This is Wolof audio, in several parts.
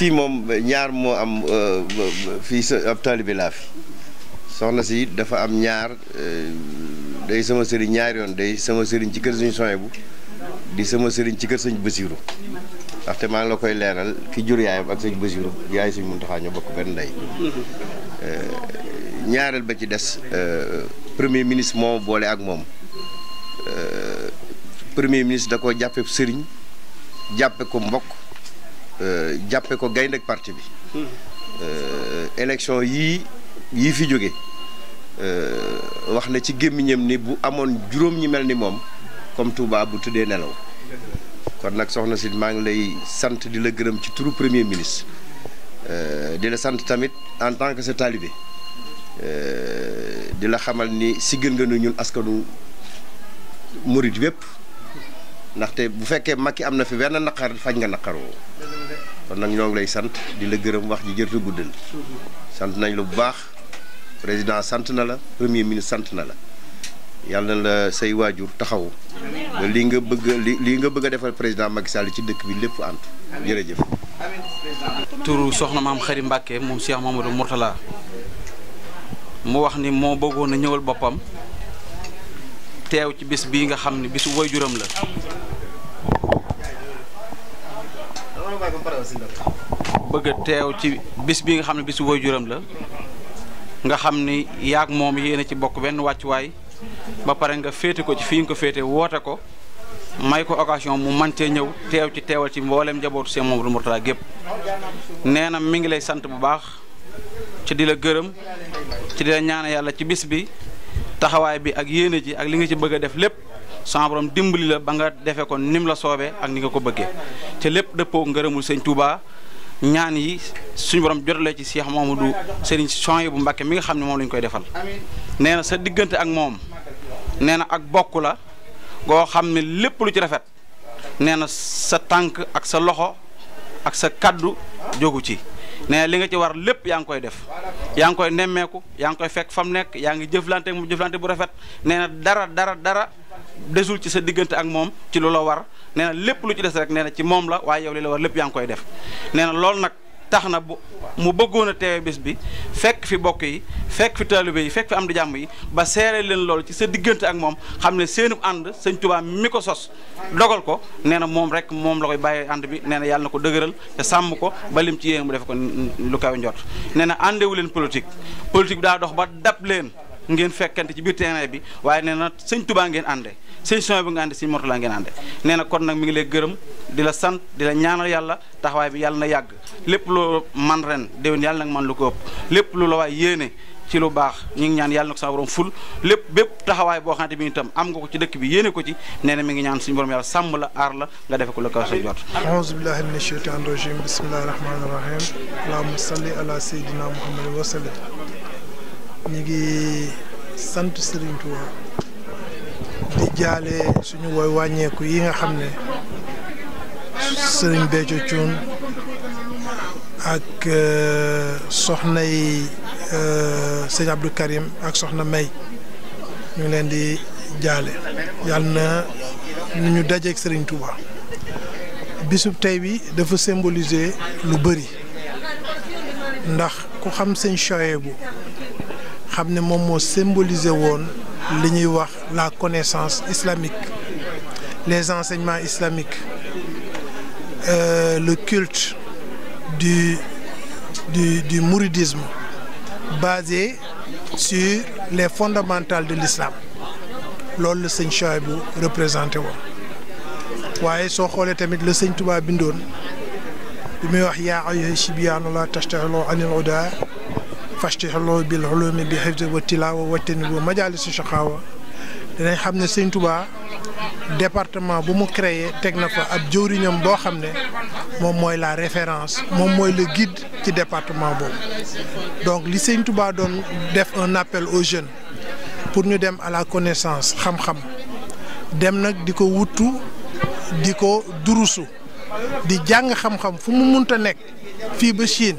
fii moom ñaar moo am euh, fii sa ab taalibe laa fi soxna si dafa am ñaar euh, day sama sëriñ ñaar yoon dey sama sëriñ ci kër suñu soñ bu di sama sëriñ ci kër sëñ Basiru ndaxte maa la koy leeral ki jur ak sëñ Basiru yaay suñ Muntaxa ñoo bokk benn ndey euh, ñaareel ba ci des premier ministre moo boole ak moom premier ministre da ko jàppee sëriñ jàppe ko mbokk Euh, jàppe ko gaynde ak parti bi hmm. euh, élection yii yii fi jóge euh, wax na ci gémmiñam ni bu amoon juróom ñi mel ni moom comme Touba bu tuddee nelaw kon nag soxna si maa ngi lay sant di la gërëm ci turu premier ministre di la sant tamit en tant que sa talibé di la xamal ni siggal nga nu ñun askanu murit wépp ndaxte bu fekkee Macky am na fi benn naqar faj nga naqaroo kon nag ñoo ngi lay sant di la gërëm wax ji jërëjëf guddal sant nañ la bu baax président sant na la premier ministre sant na la yàlla na la say waajur taxaw ba lii nga bëgg li lii nga bëgg a defal président Macky Sall ci dëkk bi lépp ànd jërëjëf. turu soxna maam Xari Mbàkke moom Cheikh Mamadou Mourtala mu wax ni moo bëggoon a ñëwal boppam teew ci bis bii nga xam ne bisu waajuram la. bëgg a teew ci bis bi nga xam ne bisu waajuram la nga xam ni yaag moom yéen a ci bokk benn wàccuwaay ba pare nga féete ko ci fii nga ko féete woote ko may ko occasion mu man cee ñëw teew ci teewal ci mbooleem njabootu seen moom Mamadou Mourtada gépp nee na mi ngi lay sant bu baax ci di la gërëm ci di la ñaan yàlla ci bis bi taxawaay bi ak yéene ji ak li nga ci bëgg a def lépp. sama borom dimbali la ba nga defé ko nim la sobé ak ni nga ko bëggé té lépp dëppoo ngërëmul Seyd Touba ñaan yi suñu borom jotale ci Cheikh Mamadou Serigne bu Mbacké mi nga xamni mom lañ koy defal néna sa digënté ak moom néna ak bokku la go xamni lépp lu ci rafet néna sa tank ak sa loxo ak sa kaddu jogu ci né li nga ci war lepp yang koy def Yang koy yang yang koy fek fam nek yang jëflanté mu jëflanté bu rafet dara dara dara desul ci sa diggante ak moom ci lu la war nee lépp lu ci des rek nee na ci moom la waaye yow li la war lépp yaa koy def nee na loolu nag tax na bu mu bëggoon a teewe bés bi fekk fi bokk yi fekk fi taalibe yi fekk fi am di jàmm yi ba seere leen lool ci sa diggante ak moom xam ne seenub ànd sëñ Tuubaa mi ko sos dogal ko nee na moom rek moom la koy bàyyee ànd bi nee na yàlla na ko dëgëral te sàmm ko ba lim ci yéene mu def ko lu kaw njot nee na àndewu leen politique leen ngeen fekkante ci biir terrain bi waaye nee na sëñ Touba ngeen ànde sëñ Souhaïbou bi nga ànde sëñ Mourtala ngeen ànde nee na kon nag mi ngi lay gërëm di la sant di la ñaanal yàlla taxawaay bi yàlla na yàgg lépp loo man ren déwén yàlla nag man lu ko ëpp lépp lu la waay yéene ci lu baax ñu ngi ñaan yàlla na ko sama ful lépp bépp taxawaay boo xamante bi itam am nga ko ci dëkk bi yéene ko ci nee na mi ngi ñaan suñu borom yàlla sàmm la aar la nga defe k la kaw sa jot aouzu billahi mina shaytani ñu ngi sant Serigne Touba di jaale suñu woy wàññeeku yi nga xam ne Serigne Béthio Thioune ak euh, soxnay euh, sëñ Abdou Karim ak soxna May ñu leen di jaale yàlla na ñu dajeeg Serigne Touba bisub tey bi dafa symboliser lu bëri ndax ku xam sëñ Choyé xamne Momo moom symboliser liñuy wax la connaissance islamique les enseignements islamiques euh, le culte du du du mouridisme basé sur les fondamentales de l'islam C'est le que le représenté woon waye so xolé tamit le seigneur Touba bindone bi muy wax ya ayyuha la anil udaa fastihaloo bil ulumi bi hifzi wa tilawa wa tanibu majalisi shaqaawa dinañ xam ne sëñ Touba département bu mu créé teg na fa ab jëwriñam boo xam ne moom mooy la référence moom mooy le guide ci département boobu donc li sëñ Touba doon def un appel aux jeunes pour ñu dem à la connaissance xam-xam dem nag di ko wuttu di ko durusu di jàng xam-xam fu mu munta nekk fii ba Chine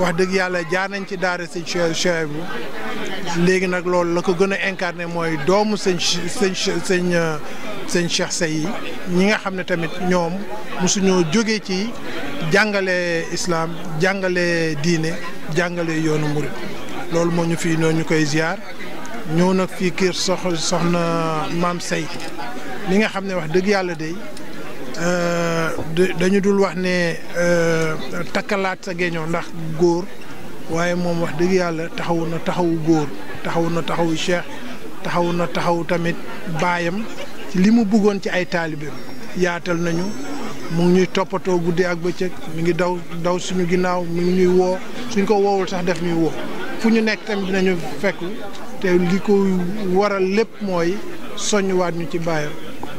wax dëgg yàlla jaar nañ ci daara sëñ Cheikh bu léegi nag loolu la ko gën a incarné mooy doomu sëñ sëñ sëñ euh, sëñ Cheikh Say ñi nga xam ne tamit ñoom mosuñoo jógee ci jàngale islaam jàngale diine jàngale yoonu murit loolu moo ñu fii noonu ñu koy ziar ñëw nag fii kër sox soxna maam sey li nga xam ne wax dëgg yàlla dey Euh, dañu dul wax ne euh, takkalaat sa géeñoo ndax góor waaye moom wax dëgg yàlla taxawu na taxawu góor taxawu na taxawu cheikh taxawu na taxawu tamit baayam ci li mu bëggoon ci ay taalibeem yaatal nañu mu ngi ñuy toppatoo guddi ak bëccëg mu ngi daw daw suñu ginnaaw mi ngi ñuy woo suñ ko woowul sax def ñuy woo fu ñu nekk tamit dinañu fekk te li ko waral lépp mooy soññuwaat ñu ci baayam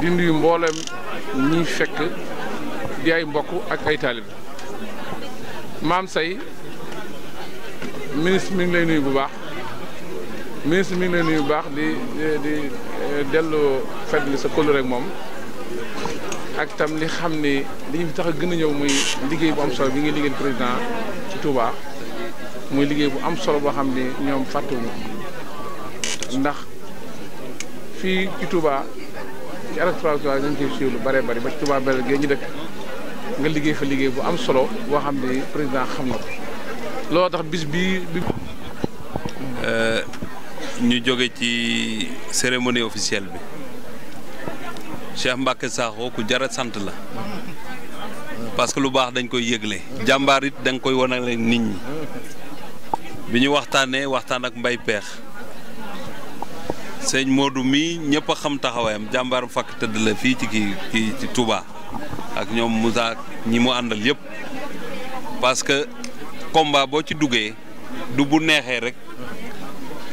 di yu mboolem ñi fekk di ay mbokk ak ay taalib maam say ministre mi ngi lay nuyu bu baax ministre mi ngi lay nuyu bu baax di di eh, dellu fedd li sa kóllëre rek moom ak tam li xam ni li tax a gën a ñëw muy liggéey bu am solo bi ngi liggéey président ci Touba muy liggéey bu am solo boo xam ni ñoom fàttewuñu ndax fii ci Touba ci arrêtement bi ñu ngi ciy lu bëree bëri ba ci Touba Belel gee ñu dëkk nga liggéey fa liggéey bu am solo boo xam ne président xam na ko looloo tax bis bii. Euh, ñu jóge ci cérémonie officielle bi Cheikh Mbacke Sakho ku jara sant la parce que lu baax dañ koy yëgle jàmbaar it da nga koy wanale nit ñi bi ñu waxtaanee waxtaan ak mbay peex. sëñ Modou mii ñëpp a xam taxawaayam jàmbaaru fakk tëdd la fii ci kii kii ci Touba ak ñoom Moussa ñi mu àndal yëpp parce que combat boo ci duggee du bu neexee rek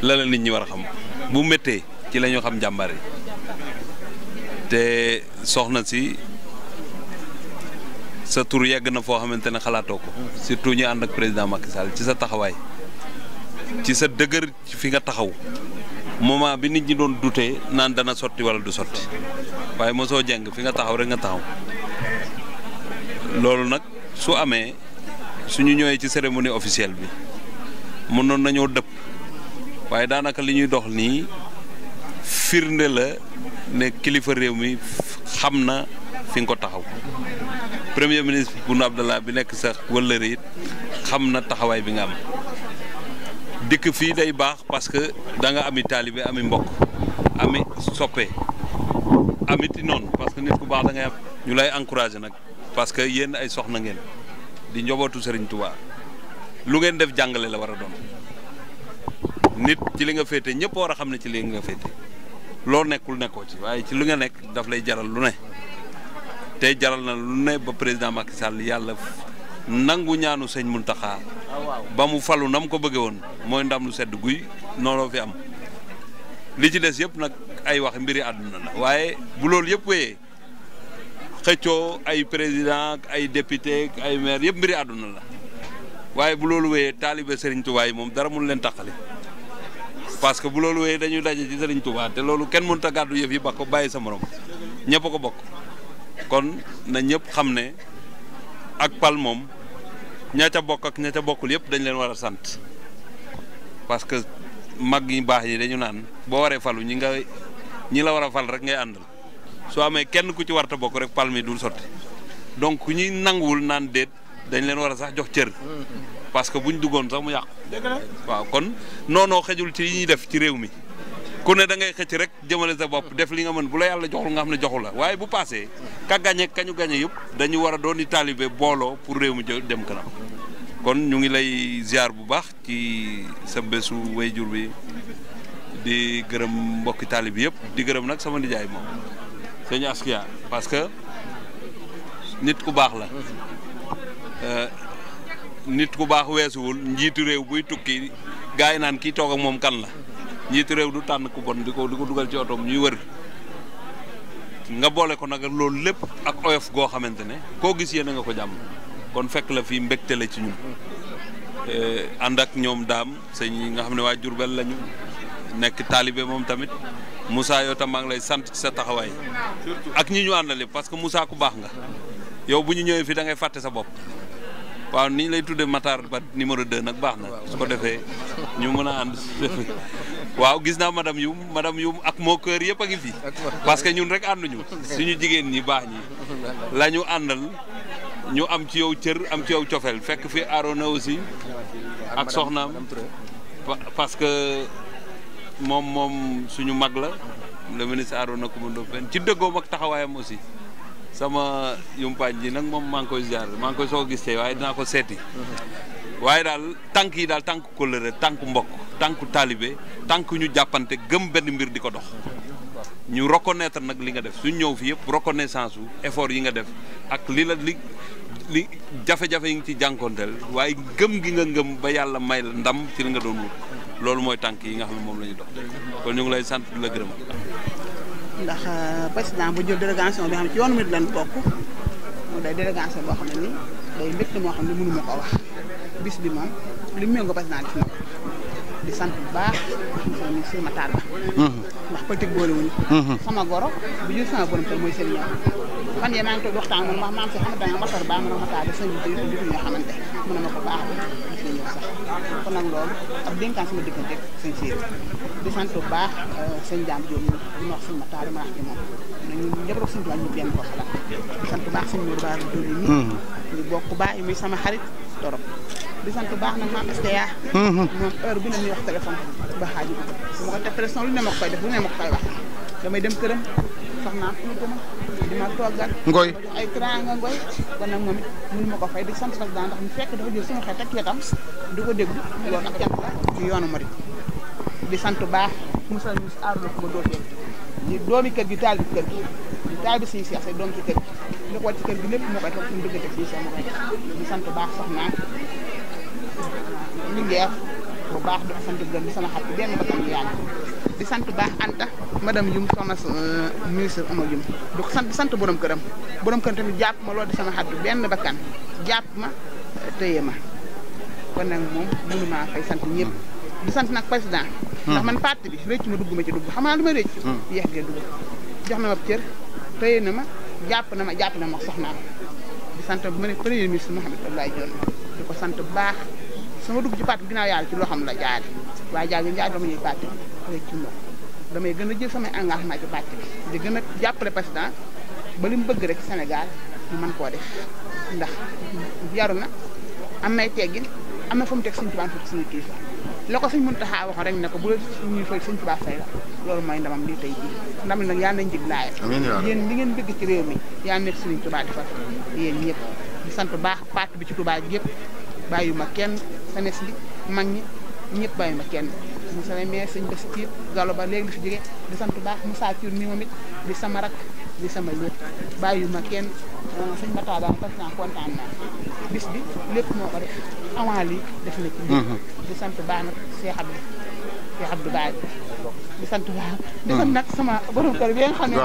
la la nit ñi war a xam bu méttee ci la ñu xam jàmbaar yi te soxna si sa tur yegg na foo xamante ne xalaatoo ko surtout ñu ànd ak président Macky ci sa taxawaay ci sa dëgër fi nga taxaw moma bi nit ñi doon douté nan dana sorti wala du waye mo so jeng fi nga taxaw rek nga taxaw lolu nak su amé suñu ñëwé ci cérémonie officielle bi mënoon nañoo dëpp waaye daanaka li ñuy dox ni firnde la ne kilifa réew mi xamna fi nga taxaw premier ministre Boun Abdallah bi nek sax wala reet xamna taxaway bi nga am dikk fii day baax parce que da nga ami taalibe ami mbokk ami soppe amiti noonu parce que nit ku baax da ngay am ñu lay encouragé nag parce que yéen ay soxna ngeen di njobootu Serigne Touba lu ngeen def jàngale la war a doon nit ci li nga féete ñëpp war a xam ne ci li nga féete loo nekkul nekkoo ci waaye ci lu nga nekk daf lay jaral lu ne te jaral na lu ne ba président Macky Sall yàlla nangu ñaanu sëñ Mountakha ba mu falu nam ko bëggee woon mooy ndam lu sedd guy nooloo fi am li ci des yëpp nag ay wax mbiri àdduna la waaye bu loolu yëpp wéyee xëccoo ay président ay député ay maire yëpp mbiri àdduna la waaye bu loolu wéyee taalibe Serigne Touba moom dara mun leen taqali parce que bu loolu wéyee dañuy daje ci Serigne Touba te loolu kenn mënut a gàddu yëf yi ba ko bàyyi sa morom ñëpp ko bokk kon na ñëpp xam ne ak pal moom. ña ca bokk ak ña ca bokkul yëpp dañu leen war a sant parce que mag yi baax yi dañu naan boo waree falu ñi nga ñi la war a fal rek ngay àndal soo amee kenn ku ci warta bokk rek mi dul sotti donc ku ñuy nanguwul naan déet dañ leen war a sax jox cër parce bu buñ duggoon sax mu yàqu. waaw kon noonoo xejul ci yi ñuy def ci réew mi. ku ne da ngay xëcc rek jëmale sa bopp def li nga mën bu la yàlla joxul nga xam ne joxul waaye bu paasee ka gagné kañu gagné yëpp dañu war a doon di taalibe booloo pour réew mi dem kanam kon ñu ngi lay ziar bu baax ci sa bésu wayjur bi di gërëm mbokki taalib yëpp di gërëm nag sama nijaay moom sëñ Askia parce que nit ku baax la euh, nit ku baax weesuwul njiitu réew buy tukki gaa yi naan kii toog ak moom kan la njiitu réew du tànn ku bon di ko di ko dugal ci otoom ñuy wër nga boole ko nag loolu lépp ak oyof goo xamante ne koo gis yéen nga ko jàmm kon fekk la fii mbégte la ci ñun eh, ànd ak ñoom daam sëñ yi nga xam ne waaye Jurbel lañu nekk taalibe moom tamit Moussa yoo tam maa lay sant ci sa taxawaay ak ñi ñu àndale parce que Moussa ku baax nga yow bu ñu ñëwee fii dangay fàtte sa bopp. waaw ni ñu lay tuddee Matar ba numéro de nag baax na su ko defee ñu mën a ànd waaw gis naa madame Youm madame Youm ak moo kër yëpp a ngi fi parce que ñun rek ànduñu suñu jigéen ñi baax ñi la ñu àndal ñu am ci yow cër am ci yow cofeel fekk fi Arona aussi ak soxnaam parce que moom moom suñu mag la le ministre Arona Coumba Ndoffène ci dëggoom ak taxawaayam aussi sama yumpaañ ji nag moom maa koy ziar maa ngi koy soo gis tey waaye dinaa ko seeti waaye daal tànk yi daal tànk kóllëre tànk mbokk tànk taalibe tànk ñu jàppante gëm benn mbir di ko dox ñu reconnaître nag li nga def su ñëw fii yëpp reconnaissance su effort yi nga def ak li la li li jafe-jafe yi nga ci jànkonteel waaye gëm gi nga ngëm ba yàlla may la ndam ci li nga doon wut loolu mooy tànk yi nga xam ne moom la ñu dox kon ñu ngi lay sant di la gërëm ndax euh, président bu jël délégation bi xam ne ci yoonu Murid lan bokk mu day délégation boo xam ne ni day mbégte moo xam ne mënu ma ko wax bis bi moom li mu méngoo président def di sant bu baax mi sëñ Matar Ba mm-hmm. ndax politique boolewuñu mm-hmm. sama goro bu jur sama borom kër mooy seen ñoom man ye maa ngi toog waxtaan man ma maam si xamante nga matar baa mëna ma taal sëñ bi jëf jëf nga xamante mëna ma ko baax bi ci sax kon nag loolu ab dénkaan sama diggante sëñ Sidi di sant bu baax euh, sëñ Jaam di ma wax sëñ ma taal ma rek ñu benn di sant bu baax nii hmm. ñu bokk muy sama xarit torop di sant baax nag maam STA hmm. moom heure bu ne ñuy wax téléphone ba xaaju ko su ma ko def pression lu ne ma koy def lu ne ma koy wax damay dem këram tax naan fu mu gën a di ma toogal. ngoy ma jox ay ngoy kon nag moom it mënu ma ko fay di sant nag daan ndax mu fekk dafa jël sama xel teg wetam ko déglu loolu ak yoonu Murid di sant baax musal mus ma dootee di doomi kër gi taal bi kër gi di taal bi siy seex doom ci kër gi li ko war kër gi lépp moo koy toog suñu diggante fii sama koy di sant baax sax naa bu baax dafa sant gën di sama xarit benn ba tam yàlla di sant baax Anta ma madame Youm soxna euh, ministre Oumar Youm di ko sant sant borom këram borom këram tamit jàpp ma loolu di sama xaddu benn bakkan jàpp ma euh, téye ma kon nag moom mënumaa fay sant ñëpp di sant nag président. Hmm. ndax man parti bi rëcc ma dugg ma ci dugg xamaa naa lu ma rëcc. Hmm. yéex gee dugg jox na ma cër téye na ma jàpp na ma jàpp na ma soxnaam di sant bu ma ne premier ministre Mouhamed Abdoulaye Dione di ko sant bu baax sama dugg ci parti bi ginnaaw yàlla ci loo xam la jaare waaye jaage jaare dama ñuy parti bi jàppale ci damay gën a jël samay engagement ci bàcc bi di gën a jàppale président ba li mu bëgg rek Sénégal mu mën koo def ndax yaru na am nay teggin am na fu mu teg suñu tubaab suñu kilifa la ko suñ mën taxaa waxoon rek ne ko bu la ñuy fay suñ tubaab fay loolu mooy ndamam lii tey jii ndam nag yal nañ jig laaya yéen li ngeen bëgg ci réew mi yal nekk suñu tubaab di fa yéen ñëpp di sant baax parti bi ci tubaab yëpp bàyyi ma kenn senes bi mag ñi ñëpp bàyyi ma kenn monsieur le maire sëñ Bass Thioub Ba léegi la fi jógee di sant bu baax Moussa Thioub mi moom it di sama rak di sama lépp ma kenn euh, sëñ Mata Ba parce que kontaan naa bis bi lépp moo ko def avant def na mhm. di sant bu baax nag Cheikh Abdou Cheikh di sant bu baax. Mhm. di sant nag sama borom kër bi nga xam ne.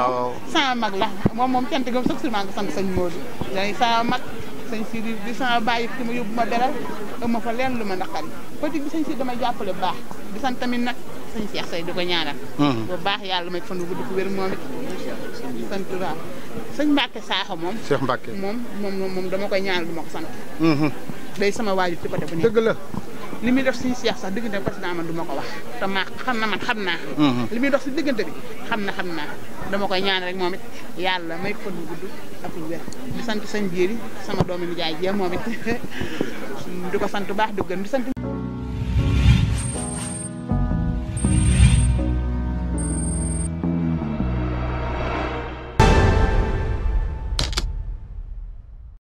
sama mag la moom moom cant gi moom sax sûrement nga sant sëñ Modou. day sama mag. sëñ si di di sama bàyyi ki ma yóbbu ma beral ëmma fa leen lu ma naqari politique bi sëñ si damay jàppale bu baax di sant tamit nag sëñ Cheikh say di ko ñaanal hmm. bu baax yàlla may fan gudd ko wér moom it sant waaw sëñ Mbacke Sakho moom Cheikh Mbacke moom moom moom dama koy ñaanal du ma ko sant hmm, hmm. day sama waajur ci côté bu nekk dëgg la li muy def suñu seex sax diggante président man du ma ko wax te maa xam na man xam naa mhm. li muy dox si diggante bi xam na xam naa dama koy ñaan rek moom it yàlla may ko fan bu gudd ak lu wér di sant sañ jéeri sama doomi nijaay jee moom it di ko sant baax du gën di sant